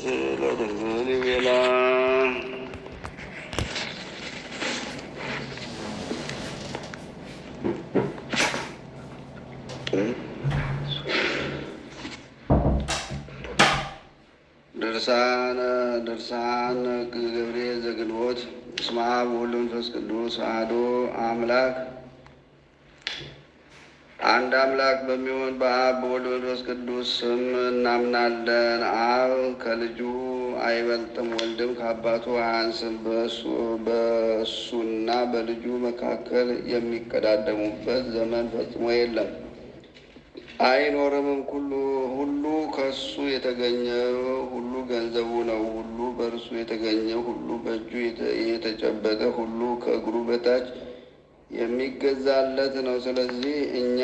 ስለ ድንግል ቤላ ድርሳነ ድርሳን ገብርኤል ዘግንቦት ስማ ወወልድ ወመንፈስ ቅዱስ አሐዱ አምላክ አንድ አምላክ በሚሆን በአብ በወልድ በመንፈስ ቅዱስ ስም እናምናለን። አብ ከልጁ አይበልጥም፣ ወልድም ከአባቱ አያንስም። በእሱና በልጁ መካከል የሚቀዳደሙበት ዘመን ፈጽሞ የለም አይኖርምም። ሁሉ ሁሉ ከእሱ የተገኘ ሁሉ ገንዘቡ ነው። ሁሉ በእርሱ የተገኘ ሁሉ በእጁ የተጨበጠ ሁሉ ከእግሩ በታች የሚገዛለት ነው። ስለዚህ እኛ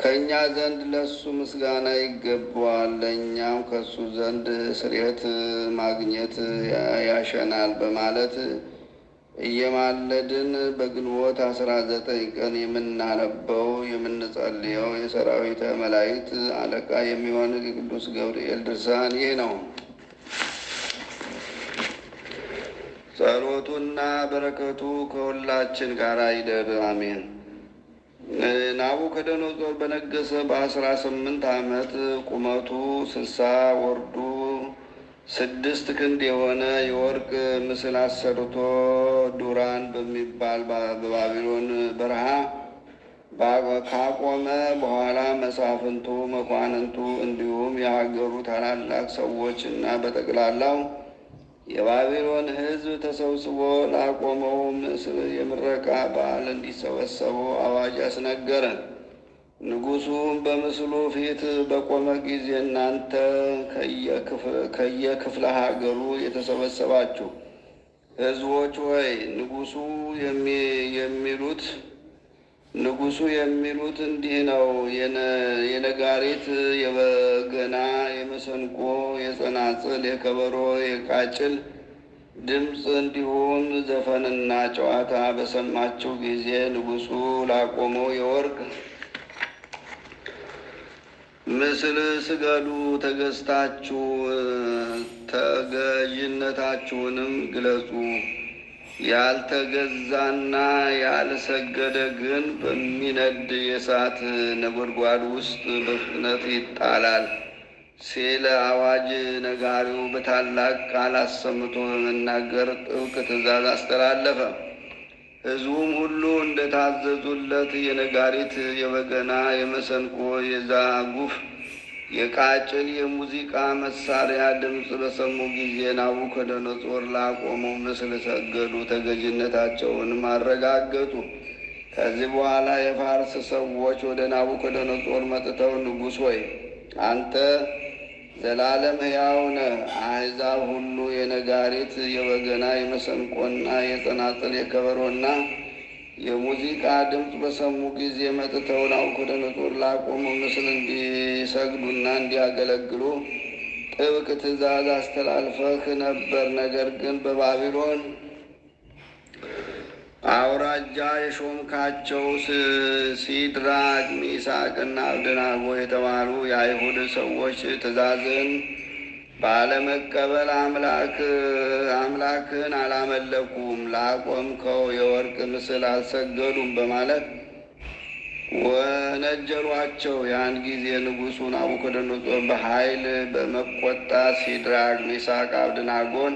ከእኛ ዘንድ ለሱ ምስጋና ይገባዋል፣ ለእኛም ከሱ ዘንድ ስርየት ማግኘት ያሸናል በማለት እየማለድን በግንቦት አስራ ዘጠኝ ቀን የምናነበው የምንጸልየው የሰራዊተ መላእክት አለቃ የሚሆን የቅዱስ ገብርኤል ድርሳን ይህ ነው። ጸሎቱና በረከቱ ከሁላችን ጋር ይደር አሜን። ናቡከደነጾር በነገሰ በአስራ ስምንት ዓመት ቁመቱ ስልሳ ወርዱ ስድስት ክንድ የሆነ የወርቅ ምስል አሰርቶ ዱራን በሚባል በባቢሎን በረሃ ካቆመ በኋላ መሳፍንቱ፣ መኳንንቱ እንዲሁም የሀገሩ ታላላቅ ሰዎች እና በጠቅላላው የባቢሎን ሕዝብ ተሰብስቦ ላቆመው ምስል የምረቃ በዓል እንዲሰበሰቡ አዋጅ አስነገረ። ንጉሱ በምስሉ ፊት በቆመ ጊዜ እናንተ ከየክፍለ ሀገሩ የተሰበሰባችሁ ሕዝቦች ሆይ ንጉሱ የሚሉት ንጉሱ የሚሉት እንዲህ ነው። የነጋሪት፣ የበገና፣ የመሰንቆ፣ የጸናጽል፣ የከበሮ፣ የቃጭል ድምፅ እንዲሁም ዘፈንና ጨዋታ በሰማችሁ ጊዜ ንጉሱ ላቆመው የወርቅ ምስል ስገዱ፣ ተገዝታችሁ ተገዥነታችሁንም ግለጹ። ያልተገዛና ያልሰገደ ግን በሚነድ የእሳት ነጎድጓድ ውስጥ በፍጥነት ይጣላል ሲል አዋጅ ነጋሪው በታላቅ ቃል አሰምቶ በመናገር ጥብቅ ትእዛዝ አስተላለፈ። ሕዝቡም ሁሉ እንደታዘዙለት የነጋሪት፣ የበገና፣ የመሰንቆ፣ የዛጉፍ የቃጭል የሙዚቃ መሳሪያ ድምፅ በሰሙ ጊዜ ናቡከደነጾር ላቆመው ምስል ሰገዱ፣ ተገዥነታቸውንም አረጋገጡ። ከዚህ በኋላ የፋርስ ሰዎች ወደ ናቡከደነጾር መጥተው ንጉሥ ሆይ አንተ ዘላለም ሕያው ነህ። አሕዛብ ሁሉ የነጋሪት የበገና የመሰንቆና የጸናጽል የከበሮና የሙዚቃ ድምፅ በሰሙ ጊዜ መጥተው ናቡከደነፆር ላቆመው ምስል እንዲሰግዱና እንዲያገለግሉ ጥብቅ ትእዛዝ አስተላልፈህ ነበር። ነገር ግን በባቢሎን አውራጃ የሾምካቸው ሲድራቅ፣ ሚሳቅና አብደናጎ የተባሉ የአይሁድ ሰዎች ትእዛዝን ባለመቀበል አምላክ አምላክን አላመለኩም ላቆምከው የወርቅ ምስል አልሰገዱም በማለት ወነጀሏቸው። ያን ጊዜ ንጉሱን ናቡከደነጾር በኃይል በመቆጣት ሲድራቅ፣ ሚሳቅ፣ አብድናጎን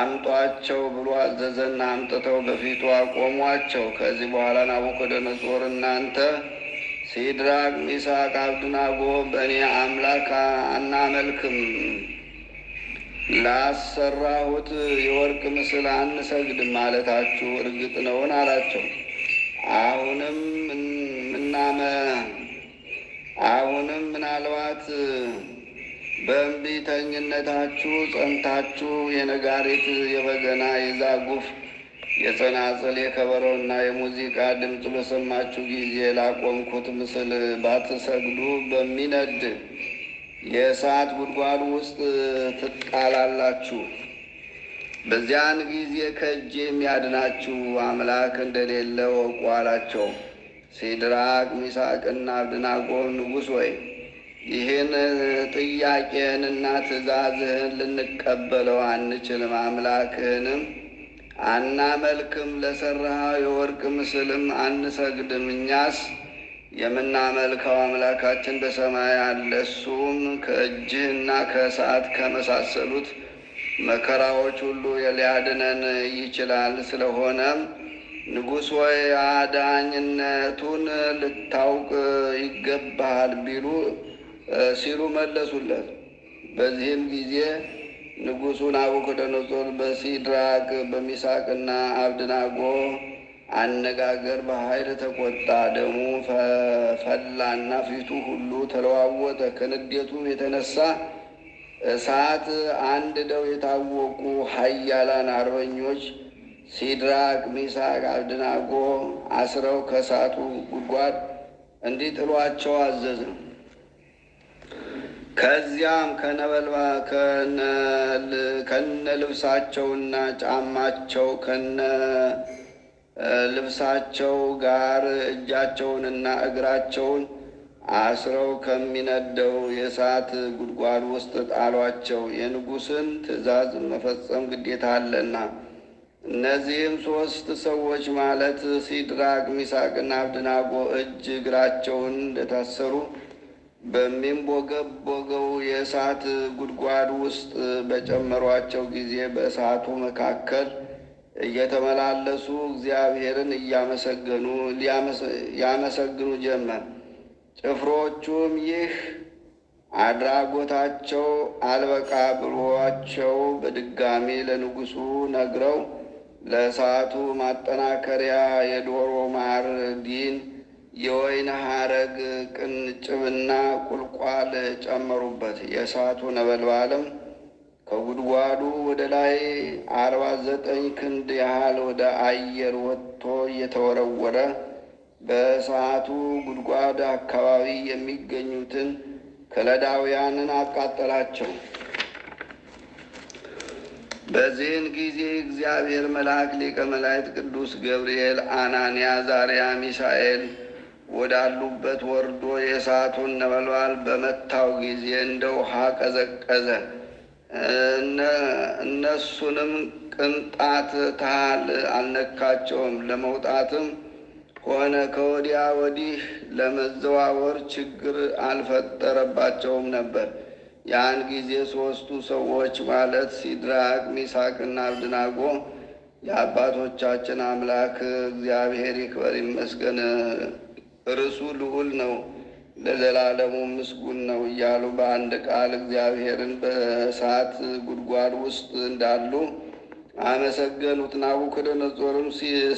አምጧቸው ብሎ አዘዘና አምጥተው በፊቱ አቆሟቸው። ከዚህ በኋላ ናቡከደነጾር እናንተ ሲድራቅ ሚሳቅ አብድናጎ በእኔ አምላክ አናመልክም፣ ላሰራሁት የወርቅ ምስል አንሰግድም ማለታችሁ እርግጥ ነውን? አላቸው። አሁንም ምናመ አሁንም ምናልባት በእምቢተኝነታችሁ ጸንታችሁ የነጋሪት የበገና የዛጉፍ የጸናጽል የከበሮና የሙዚቃ ድምፅ በሰማችሁ ጊዜ ላቆምኩት ምስል ባትሰግዱ በሚነድ የእሳት ጉድጓድ ውስጥ ትጣላላችሁ። በዚያን ጊዜ ከእጅ የሚያድናችሁ አምላክ እንደሌለ ወቁ አላቸው። ሲድራቅ ሚሳቅና አብድናጎ ንጉሥ ወይ ይህን ጥያቄህንና ትእዛዝህን ልንቀበለው አንችልም አምላክህንም አናመልክም፣ ለሠራኸው የወርቅ ምስልም አንሰግድም። እኛስ የምናመልከው አምላካችን በሰማይ አለ። እሱም ከእጅህና ከእሳት ከመሳሰሉት መከራዎች ሁሉ ሊያድነን ይችላል። ስለሆነም ንጉሥ ወይ አዳኝነቱን ልታውቅ ይገባሃል ቢሉ ሲሉ መለሱለት። በዚህም ጊዜ ንጉሡ ናቡከደነጾር በሲድራቅ በሚሳቅና አብድናጎ አነጋገር በኃይል ተቆጣ። ደሙ ፈላና ፊቱ ሁሉ ተለዋወጠ። ከንዴቱ የተነሳ እሳት አንድ ደው የታወቁ ኃያላን አርበኞች ሲድራቅ፣ ሚሳቅ፣ አብድናጎ አስረው ከእሳቱ ጉድጓድ እንዲጥሏቸው አዘዘ። ከዚያም ከነበልባ ከነ ልብሳቸውና ጫማቸው ከነ ልብሳቸው ጋር እጃቸውንና እግራቸውን አስረው ከሚነደው የእሳት ጉድጓድ ውስጥ ጣሏቸው። የንጉሥን ትእዛዝ መፈጸም ግዴታ አለና። እነዚህም ሦስት ሰዎች ማለት ሲድራቅ፣ ሚሳቅና አብድናጎ እጅ እግራቸውን እንደታሰሩ በሚንቦገቦገው የእሳት ጉድጓድ ውስጥ በጨመሯቸው ጊዜ በእሳቱ መካከል እየተመላለሱ እግዚአብሔርን እያመሰገኑ ያመሰግኑ ጀመር። ጭፍሮቹም ይህ አድራጎታቸው አልበቃ ብሏቸው በድጋሚ ለንጉሱ ነግረው ለእሳቱ ማጠናከሪያ የዶሮ ማር ዲን የወይን ሐረግ ቅንጭብና ቁልቋል ጨመሩበት። የእሳቱ ነበልባልም ከጉድጓዱ ወደ ላይ አርባ ዘጠኝ ክንድ ያህል ወደ አየር ወጥቶ እየተወረወረ በእሳቱ ጉድጓድ አካባቢ የሚገኙትን ከለዳውያንን አቃጠላቸው። በዚህን ጊዜ እግዚአብሔር መልአክ ሊቀ መላእክት ቅዱስ ገብርኤል፣ አናንያ፣ ዛሪያ፣ ሚሳኤል ወዳሉበት ወርዶ የእሳቱን ነበልባል በመታው ጊዜ እንደ ውሃ ቀዘቀዘ። እነሱንም ቅንጣት ታህል አልነካቸውም። ለመውጣትም ሆነ ከወዲያ ወዲህ ለመዘዋወር ችግር አልፈጠረባቸውም ነበር። ያን ጊዜ ሦስቱ ሰዎች ማለት ሲድራቅ፣ ሚሳቅና አብድናጎ የአባቶቻችን አምላክ እግዚአብሔር ይክበር ይመስገን እርሱ ልዑል ነው ለዘላለሙ ምስጉን ነው እያሉ በአንድ ቃል እግዚአብሔርን በእሳት ጉድጓድ ውስጥ እንዳሉ አመሰገኑት። ናቡከደነጾርም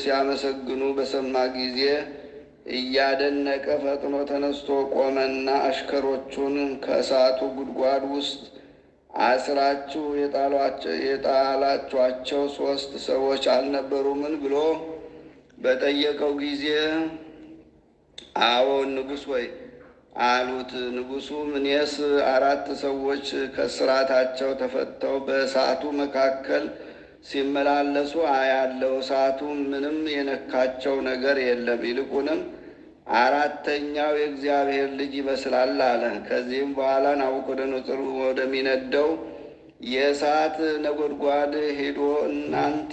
ሲያመሰግኑ በሰማ ጊዜ እያደነቀ ፈጥኖ ተነስቶ ቆመና አሽከሮቹን ከእሳቱ ጉድጓድ ውስጥ አስራችሁ የጣላችኋቸው ሶስት ሰዎች አልነበሩምን ብሎ በጠየቀው ጊዜ አዎ ንጉሥ ወይ አሉት። ንጉሱ እኔስ አራት ሰዎች ከስራታቸው ተፈተው በእሳቱ መካከል ሲመላለሱ አያለው። እሳቱ ምንም የነካቸው ነገር የለም። ይልቁንም አራተኛው የእግዚአብሔር ልጅ ይመስላል አለ። ከዚህም በኋላ ናቡከደነፆር ወደሚነደው የእሳት ነጎድጓድ ሄዶ እናንት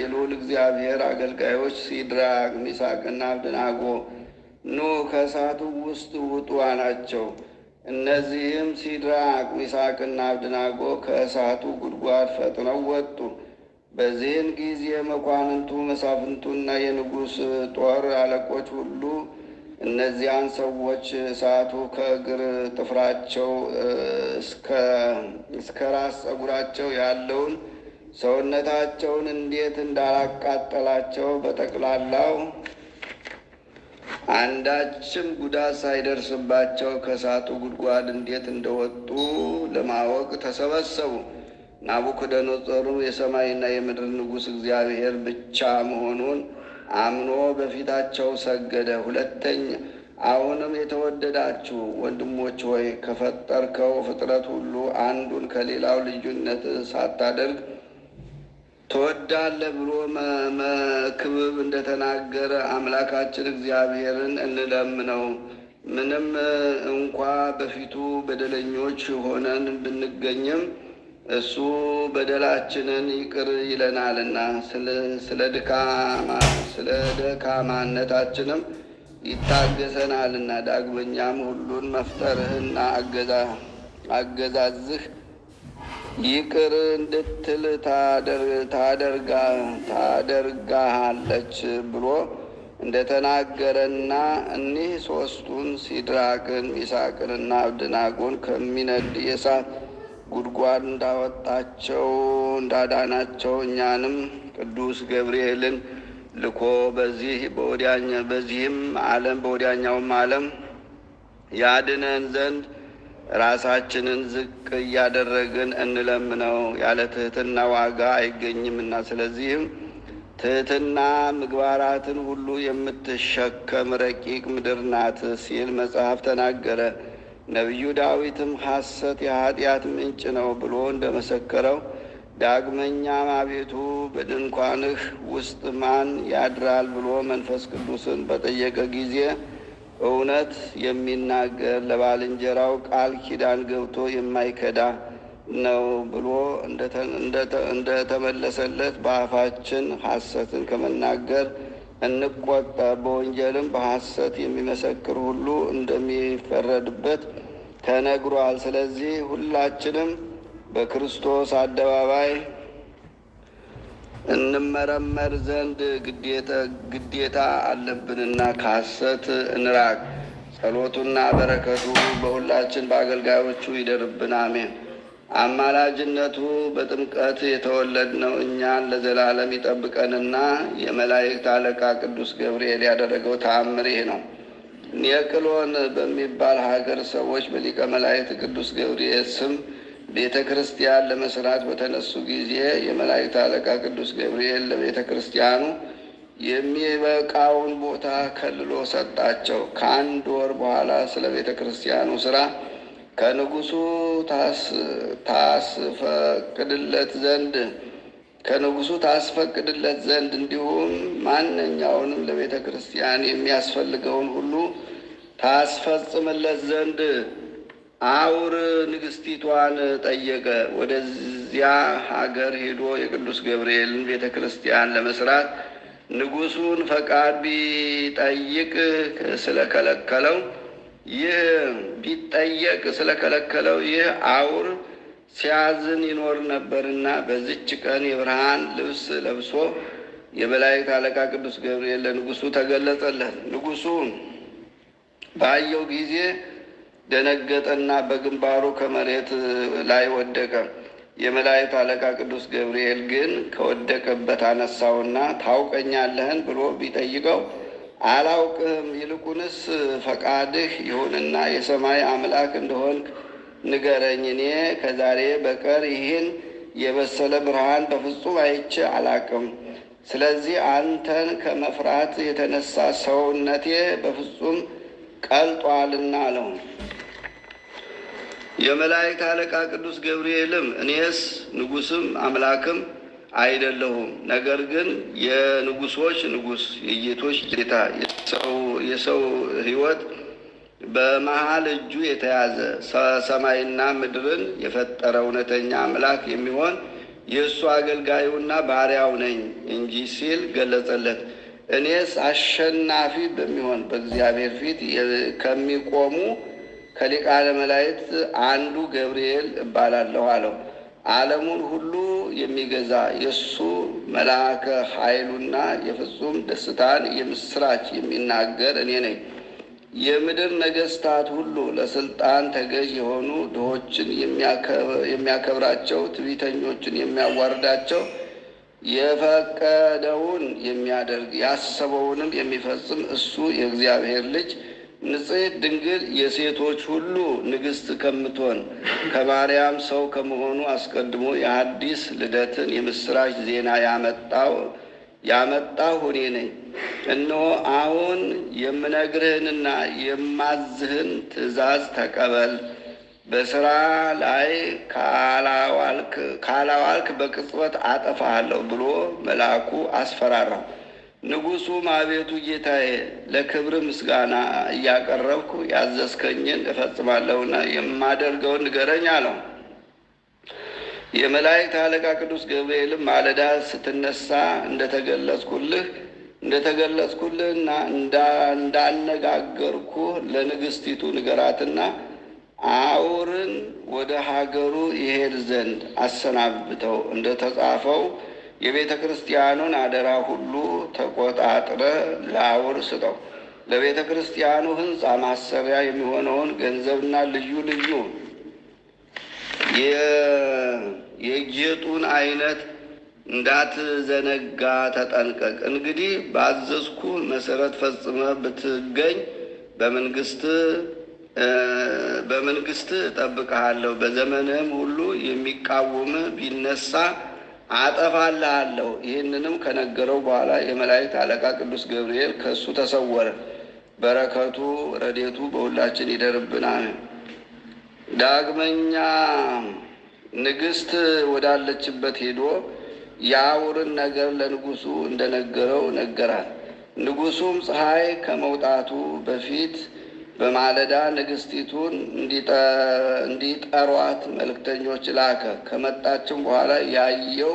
የልዑል እግዚአብሔር አገልጋዮች ሲድራቅ፣ ሚሳቅና አብደናጎ ኑ ከእሳቱ ውስጥ ውጡ አላቸው። እነዚህም ሲድራቅ ሚሳቅና አብድናጎ ከእሳቱ ጉድጓድ ፈጥነው ወጡ። በዚህን ጊዜ መኳንንቱ መሳፍንቱና የንጉሥ ጦር አለቆች ሁሉ እነዚያን ሰዎች እሳቱ ከእግር ጥፍራቸው እስከ ራስ ጸጉራቸው ያለውን ሰውነታቸውን እንዴት እንዳላቃጠላቸው በጠቅላላው አንዳችም ጉዳት ሳይደርስባቸው ከእሳቱ ጉድጓድ እንዴት እንደወጡ ለማወቅ ተሰበሰቡ። ናቡከደነጾሩ የሰማይና የምድር ንጉሥ እግዚአብሔር ብቻ መሆኑን አምኖ በፊታቸው ሰገደ። ሁለተኛ አሁንም የተወደዳችሁ ወንድሞች ሆይ ከፈጠርከው ፍጥረት ሁሉ አንዱን ከሌላው ልዩነት ሳታደርግ ትወዳለህ ብሎ መክብብ እንደተናገረ አምላካችን እግዚአብሔርን እንለምነው። ምንም እንኳ በፊቱ በደለኞች ሆነን ብንገኝም እሱ በደላችንን ይቅር ይለናልና ስለ ደካማነታችንም ይታገሰናልና ዳግመኛም ሁሉን መፍጠርህና አገዛዝህ ይቅር እንድትል ታደርጋሃለች ብሎ እንደተናገረና እኒህ ሶስቱን ሲድራቅን ሚሳቅንና አብድናጎን ከሚነድ የእሳት ጉድጓድ እንዳወጣቸው እንዳዳናቸው እኛንም ቅዱስ ገብርኤልን ልኮ በዚህ በዚህም ዓለም በወዲያኛውም ዓለም ያድነን ዘንድ ራሳችንን ዝቅ እያደረግን እንለምነው፣ ያለ ትህትና ዋጋ አይገኝምና። ስለዚህም ትህትና ምግባራትን ሁሉ የምትሸከም ረቂቅ ምድር ናት ሲል መጽሐፍ ተናገረ። ነቢዩ ዳዊትም ሐሰት የኀጢአት ምንጭ ነው ብሎ እንደመሰከረው ዳግመኛም አቤቱ በድንኳንህ ውስጥ ማን ያድራል ብሎ መንፈስ ቅዱስን በጠየቀ ጊዜ እውነት የሚናገር ለባልንጀራው ቃል ኪዳን ገብቶ የማይከዳ ነው ብሎ እንደተመለሰለት በአፋችን ሐሰትን ከመናገር እንቆጠብ። በወንጀልም በሐሰት የሚመሰክር ሁሉ እንደሚፈረድበት ተነግሯል። ስለዚህ ሁላችንም በክርስቶስ አደባባይ እንመረመር ዘንድ ግዴታ አለብንና ከሐሰት እንራቅ። ጸሎቱና በረከቱ በሁላችን በአገልጋዮቹ ይደርብን፣ አሜን። አማላጅነቱ በጥምቀት የተወለድነው እኛን ለዘላለም ይጠብቀንና የመላእክት አለቃ ቅዱስ ገብርኤል ያደረገው ተአምር ይህ ነው። ኔቅሎን በሚባል ሀገር ሰዎች በሊቀ መላእክት ቅዱስ ገብርኤል ስም ቤተ ክርስቲያን ለመስራት በተነሱ ጊዜ የመላእክት አለቃ ቅዱስ ገብርኤል ለቤተ ክርስቲያኑ የሚበቃውን ቦታ ከልሎ ሰጣቸው። ከአንድ ወር በኋላ ስለ ቤተ ክርስቲያኑ ስራ ከንጉሱ ታስፈቅድለት ዘንድ ከንጉሱ ታስፈቅድለት ዘንድ እንዲሁም ማንኛውንም ለቤተ ክርስቲያን የሚያስፈልገውን ሁሉ ታስፈጽምለት ዘንድ አውር ንግስቲቷን ጠየቀ። ወደዚያ ሀገር ሄዶ የቅዱስ ገብርኤልን ቤተ ክርስቲያን ለመስራት ንጉሱን ፈቃድ ቢጠይቅ ስለከለከለው ይህ ቢጠየቅ ስለከለከለው ይህ አውር ሲያዝን ይኖር ነበርና በዚች ቀን የብርሃን ልብስ ለብሶ የመላእክት አለቃ ቅዱስ ገብርኤል ለንጉሱ ተገለጸለት። ንጉሱ ባየው ጊዜ ደነገጠና በግንባሩ ከመሬት ላይ ወደቀ። የመላእክት አለቃ ቅዱስ ገብርኤል ግን ከወደቀበት አነሳውና ታውቀኛለህን ብሎ ቢጠይቀው አላውቅህም፣ ይልቁንስ ፈቃድህ ይሁንና የሰማይ አምላክ እንደሆንክ ንገረኝ። እኔ ከዛሬ በቀር ይህን የበሰለ ብርሃን በፍጹም አይቼ አላቅም። ስለዚህ አንተን ከመፍራት የተነሳ ሰውነቴ በፍጹም ቀልጧልና አለው። የመላእክት አለቃ ቅዱስ ገብርኤልም እኔስ ንጉስም አምላክም አይደለሁም፣ ነገር ግን የንጉሶች ንጉስ የጌቶች ጌታ የሰው ህይወት በመሃል እጁ የተያዘ ሰማይና ምድርን የፈጠረ እውነተኛ አምላክ የሚሆን የእሱ አገልጋዩና ባሪያው ነኝ እንጂ ሲል ገለጸለት። እኔስ አሸናፊ በሚሆን በእግዚአብሔር ፊት ከሚቆሙ ከሊቃነ መላእክት አንዱ ገብርኤል እባላለሁ አለው። ዓለሙን ሁሉ የሚገዛ የእሱ መልአከ ኃይሉና የፍጹም ደስታን የምስራች የሚናገር እኔ ነኝ። የምድር ነገስታት ሁሉ ለስልጣን ተገዥ የሆኑ ድሆችን የሚያከብራቸው፣ ትዕቢተኞችን የሚያዋርዳቸው፣ የፈቀደውን የሚያደርግ ያሰበውንም የሚፈጽም እሱ የእግዚአብሔር ልጅ ንጽሕት ድንግል የሴቶች ሁሉ ንግሥት ከምትሆን ከማርያም ሰው ከመሆኑ አስቀድሞ የአዲስ ልደትን የምሥራች ዜና ያመጣው ያመጣው እኔ ነኝ። እነሆ አሁን የምነግርህንና የማዝህን ትእዛዝ ተቀበል። በስራ ላይ ካላዋልክ በቅጽበት አጠፋሃለሁ ብሎ መልአኩ አስፈራራው። ንጉሱም አቤቱ ጌታዬ ለክብር ምስጋና እያቀረብኩ ያዘዝከኝን እፈጽማለሁና የማደርገውን ንገረኝ አለው። የመላእክት አለቃ ቅዱስ ገብርኤልም ማለዳ ስትነሳ እንደተገለጽኩልህ እንደተገለጽኩልህና እንዳነጋገርኩ ለንግሥቲቱ ንገራትና አውርን ወደ ሀገሩ ይሄድ ዘንድ አሰናብተው እንደተጻፈው የቤተ ክርስቲያኑን አደራ ሁሉ ተቆጣጥረ ለአውር ስጠው። ለቤተ ክርስቲያኑ ሕንፃ ማሰሪያ የሚሆነውን ገንዘብና ልዩ ልዩ የጌጡን አይነት እንዳትዘነጋ ተጠንቀቅ። እንግዲህ ባዘዝኩ መሰረት ፈጽመ ብትገኝ በመንግስት በመንግስት እጠብቅሃለሁ። በዘመንም ሁሉ የሚቃወም ቢነሳ አጠፋልሃለሁ። ይህንንም ከነገረው በኋላ የመላእክት አለቃ ቅዱስ ገብርኤል ከእሱ ተሰወረ። በረከቱ ረዴቱ በሁላችን ይደርብናል። ዳግመኛ ንግስት ወዳለችበት ሄዶ የአውርን ነገር ለንጉሱ እንደነገረው ነገራል። ንጉሱም ፀሐይ ከመውጣቱ በፊት በማለዳ ንግስቲቱን እንዲጠሯት መልእክተኞች ላከ። ከመጣችም በኋላ ያየው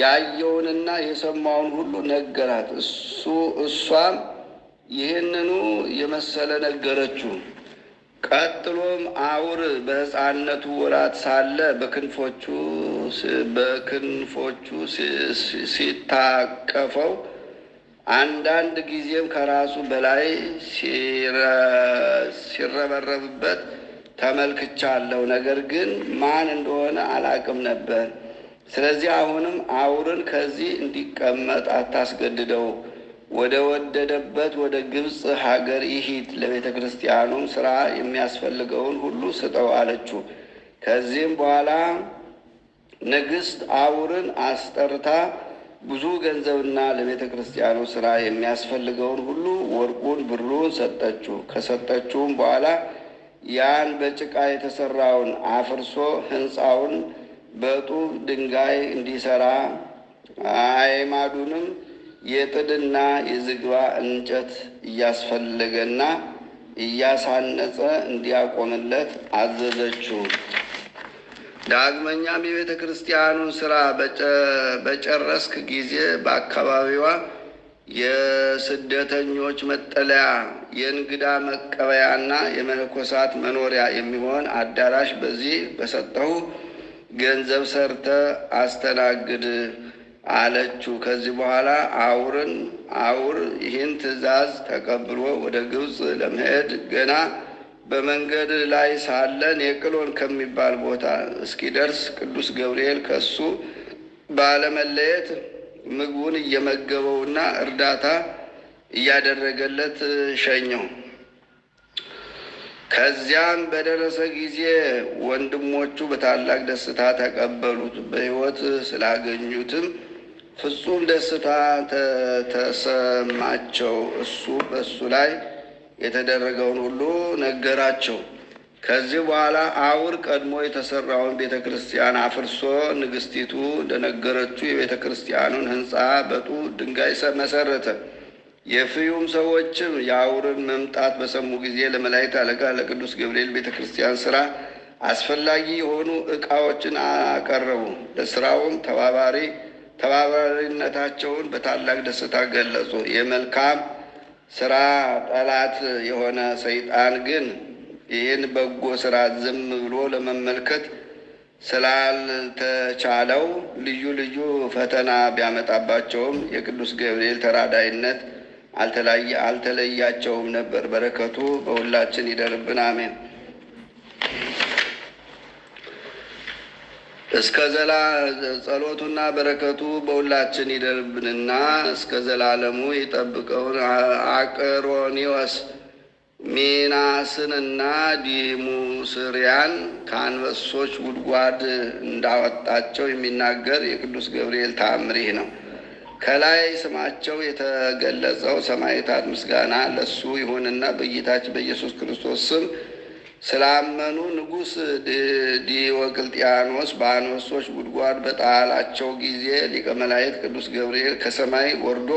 ያየውንና የሰማውን ሁሉ ነገራት። እሱ እሷም ይህንኑ የመሰለ ነገረችው። ቀጥሎም አውር በሕፃንነቱ ወራት ሳለ በክንፎቹ በክንፎቹ ሲታቀፈው አንዳንድ ጊዜም ከራሱ በላይ ሲረበረብበት ተመልክቻለሁ። ነገር ግን ማን እንደሆነ አላቅም ነበር። ስለዚህ አሁንም አውርን ከዚህ እንዲቀመጥ አታስገድደው፣ ወደ ወደደበት ወደ ግብፅ ሀገር ይሂድ፣ ለቤተ ክርስቲያኑም ስራ የሚያስፈልገውን ሁሉ ስጠው አለችው። ከዚህም በኋላ ንግሥት አውርን አስጠርታ ብዙ ገንዘብና ለቤተ ክርስቲያኑ ስራ የሚያስፈልገውን ሁሉ ወርቁን፣ ብሩን ሰጠችው። ከሰጠችውም በኋላ ያን በጭቃ የተሰራውን አፍርሶ ህንፃውን በጡብ ድንጋይ እንዲሰራ አይማዱንም የጥድና የዝግባ እንጨት እያስፈለገና እያሳነጸ እንዲያቆምለት አዘዘችው። ዳግመኛም የቤተ ክርስቲያኑን ስራ በጨረስክ ጊዜ በአካባቢዋ የስደተኞች መጠለያ የእንግዳ መቀበያና የመነኮሳት መኖሪያ የሚሆን አዳራሽ በዚህ በሰጠሁ ገንዘብ ሰርተ አስተናግድ አለችው። ከዚህ በኋላ አውርን አውር ይህን ትእዛዝ ተቀብሎ ወደ ግብፅ ለመሄድ ገና በመንገድ ላይ ሳለን የቅሎን ከሚባል ቦታ እስኪደርስ ቅዱስ ገብርኤል ከሱ ባለመለየት ምግቡን እየመገበውና እርዳታ እያደረገለት ሸኘው። ከዚያም በደረሰ ጊዜ ወንድሞቹ በታላቅ ደስታ ተቀበሉት። በሕይወት ስላገኙትም ፍጹም ደስታ ተሰማቸው። እሱ በእሱ ላይ የተደረገውን ሁሉ ነገራቸው። ከዚህ በኋላ አውር ቀድሞ የተሰራውን ቤተ ክርስቲያን አፍርሶ ንግስቲቱ እንደነገረችው የቤተ ክርስቲያኑን ሕንፃ በጡ ድንጋይ መሰረተ። የፍዩም ሰዎችም የአውርን መምጣት በሰሙ ጊዜ ለመላእክት አለቃ ለቅዱስ ገብርኤል ቤተ ክርስቲያን ስራ አስፈላጊ የሆኑ እቃዎችን አቀረቡ። ለስራውም ተባባሪ ተባባሪነታቸውን በታላቅ ደስታ ገለጹ። የመልካም ስራ ጠላት የሆነ ሰይጣን ግን ይህን በጎ ስራ ዝም ብሎ ለመመልከት ስላልተቻለው ልዩ ልዩ ፈተና ቢያመጣባቸውም የቅዱስ ገብርኤል ተራዳይነት አልተለያቸውም ነበር። በረከቱ በሁላችን ይደርብን፣ አሜን። እስከ ዘላ ጸሎቱና በረከቱ በሁላችን ይደርብንና እስከ ዘላለሙ ይጠብቀውን። አቅሮኒዎስ ሚናስንና ዲሙስሪያን ከአንበሶች ጉድጓድ እንዳወጣቸው የሚናገር የቅዱስ ገብርኤል ታምሪህ ነው። ከላይ ስማቸው የተገለጸው ሰማዕታት ምስጋና ለሱ ይሁንና በጌታችን በኢየሱስ ክርስቶስ ስም ስላመኑ ንጉሥ ዲዮቅልጥያኖስ በአንበሶች ጉድጓድ በጣላቸው ጊዜ ሊቀ መላእክት ቅዱስ ገብርኤል ከሰማይ ወርዶ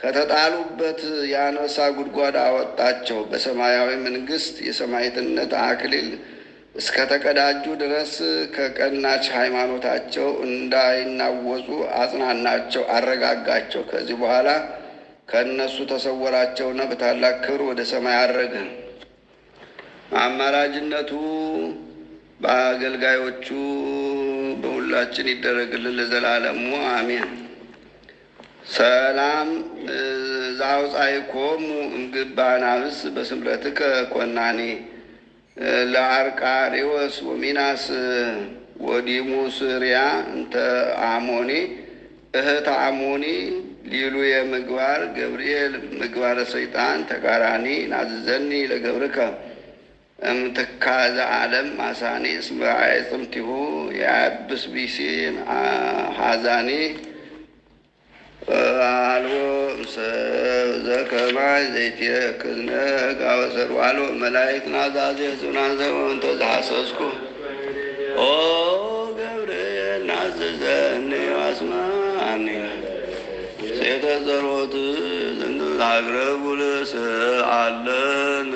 ከተጣሉበት የአንበሳ ጉድጓድ አወጣቸው። በሰማያዊ መንግሥት የሰማዕትነት አክሊል እስከተቀዳጁ ድረስ ከቀናች ሃይማኖታቸው እንዳይናወጹ አጽናናቸው፣ አረጋጋቸው። ከዚህ በኋላ ከእነሱ ተሰወራቸውና በታላቅ ክብር ወደ ሰማይ አረገ። አማራጅነቱ በአገልጋዮቹ በሁላችን ይደረግልን ለዘላለሙ አሜን። ሰላም ዛውፃይኮሙ እምግባናብስ በስምረትከ ኮናኒ ለአርቃሪዎስ ወሚናስ ወዲሙስሪያ እንተ አሞኒ እህት አሞኒ ሊሉ የምግባር ገብርኤል ምግባረ ሰይጣን ተቃራኒ ናዝዘኒ ለገብርከ እምትካዘ ዓለም አሳኒስ በአይ ጥምቲሁ የአብስ ቢሲን ሀዛኒ አልቦ ዘከማይ ዘይትክዝነ ጋወሰር ዋሎ መላይክ ናዛዜ ዙናዘ ወንተ ዝሓሰስኩ ኦ ገብርኤል ናዝዘኒ ዋስማኒ ሴተ ጸሎት ዝንሃግረ አለን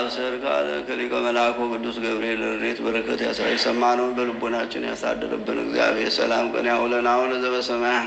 ቃል ስር ካለ ከሊቀ መልአኩ ቅዱስ ገብርኤል ሬት በረከት ያስራ የሰማነውን በልቦናችን ያሳድርብን። እግዚአብሔር ሰላም ቀን ያውለን አሁን ዘበሰማያ